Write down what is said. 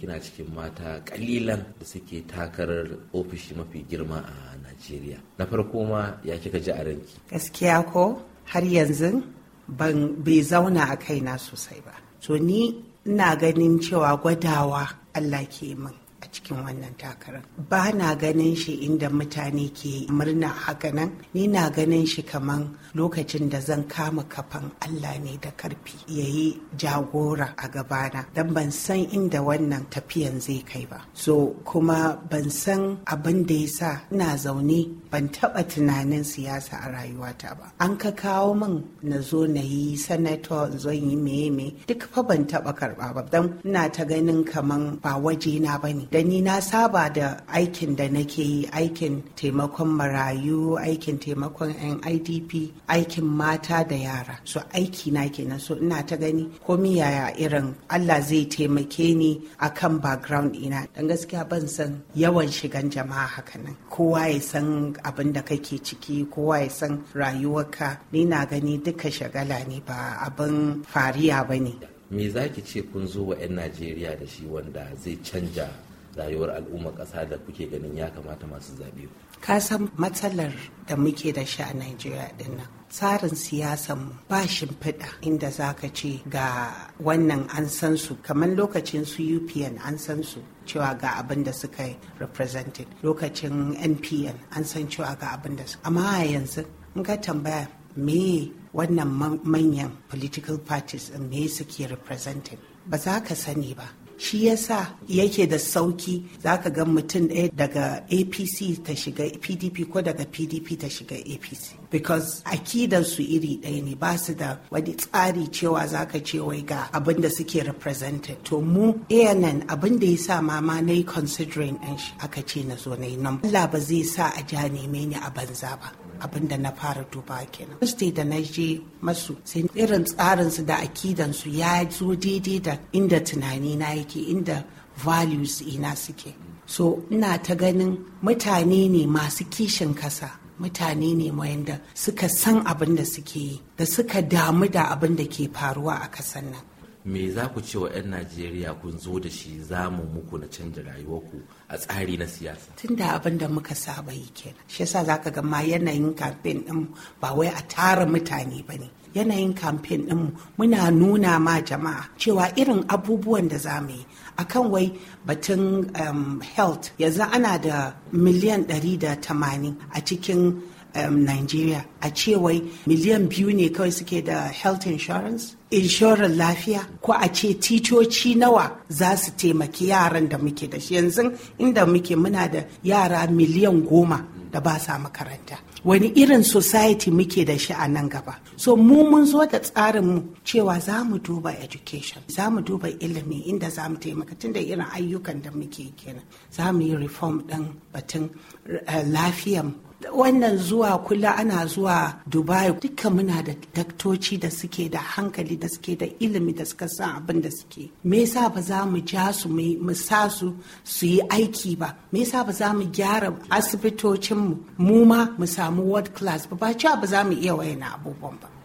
kina cikin mata kalilan da suke takarar ofishi mafi girma a najeriya na farko ma ya kika ji a ranki gaskiya ko har yanzu ban bai zauna a kaina sosai ba to ni ina ganin cewa gwadawa allah ke min a cikin wannan takarar ba na ganin shi inda mutane ke murna haka nan ni na ganin shi kaman lokacin da zan kama kafan allah ne da karfi ya yi jagora a gabana don ban san inda wannan tafiyan zai kai ba so kuma ban san abin da ya sa ina zaune ban taɓa tunanin siyasa a rayuwata ba an ka kawo min na zo na yi sanator zan yi meye me duk fa ban taɓa karɓa ba don ina ta ganin kaman ba waje na ba ne. da ni na saba da aikin da nake yi aikin taimakon marayu aikin taimakon yan idp aikin mata da yara so aiki na kenan so ina ta gani komi yaya irin allah zai taimake ni a kan background ina dan gaskiya ban san yawan shigan jama'a haka hakanan kowa ya san abin da kake ciki kowa ya san rayuwarka ni na gani duka shagala ne ba abin fariya ba ne me za ki ce kun zo wa 'yan najeriya da shi wanda zai canja rayuwar al'ummar ƙasa da kuke ganin ya kamata masu zaɓe ka san matsalar da muke da shi a najeriya din tsarin siyasan ba shimfiɗa inda za ka ce ga wannan an san su kamar lokacin su upn an san su cewa ga abin da suka yi represented lokacin npn an san cewa ga abin da su amma a yanzu in ka tambaya me wannan manyan political parties me suke represented ba za ka sani ba shi ya sa yake da sauki ka ga mutum ɗaya daga apc ta shiga pdp ko daga pdp ta shiga apc because akidansu iri ɗaya ne ba su da wani tsari cewa za ka ce wai ga abin da suke represented to mu anan abin da ya sa mama na yi considering ɗin shi aka ce na zo na yi nan Allah ba zai sa a ja neme ni a banza ba abin da na fara duba kenan state da na je masu sai irin tsarinsu da akidansu ya zo daidai da inda tunani na yi nake inda values ina suke so ina ta ganin mutane ne masu kishin kasa mutane ne wayanda suka san abin da suke yi da suka damu da abin da ke faruwa a kasan nan me za ku ce wa 'yan najeriya kun zo da shi zamu muku na canja rayuwarku a tsari na siyasa tun da abin da muka saba yi kenan shi yasa za ka ga ma yanayin kamfen din ba wai a tara mutane ba ne yanayin kamfen ɗinmu muna nuna ma jama'a cewa irin abubuwan da za mu yi a kan wai batun um, health yanzu ana da miliyan 180 a cikin um, Nigeria a cewai miliyan biyu ne kawai suke da health insurance inshorar lafiya ko a ce titoci nawa za su taimaki yaran da muke da shi yanzu inda muke muna da yara miliyan goma da ba sa makaranta wani irin society muke da shi a nan gaba so mu mun zo da tsarinmu cewa za mu duba education za mu duba ilimi inda za mu taimaka tun da irin ayyukan da muke kenan za mu yi reform ɗin batun eh, lafiyan wannan zuwa kula ana zuwa dubai Duka muna da daktoci da suke da hankali da suke da ilimi da suka san abin da suke me yasa ba za mu ja su mu sa su su yi aiki ba me yasa ba za mu gyara asibitocin mu ma mu samu world class ba ba cewa ba za mu iya wayan abubuwan ba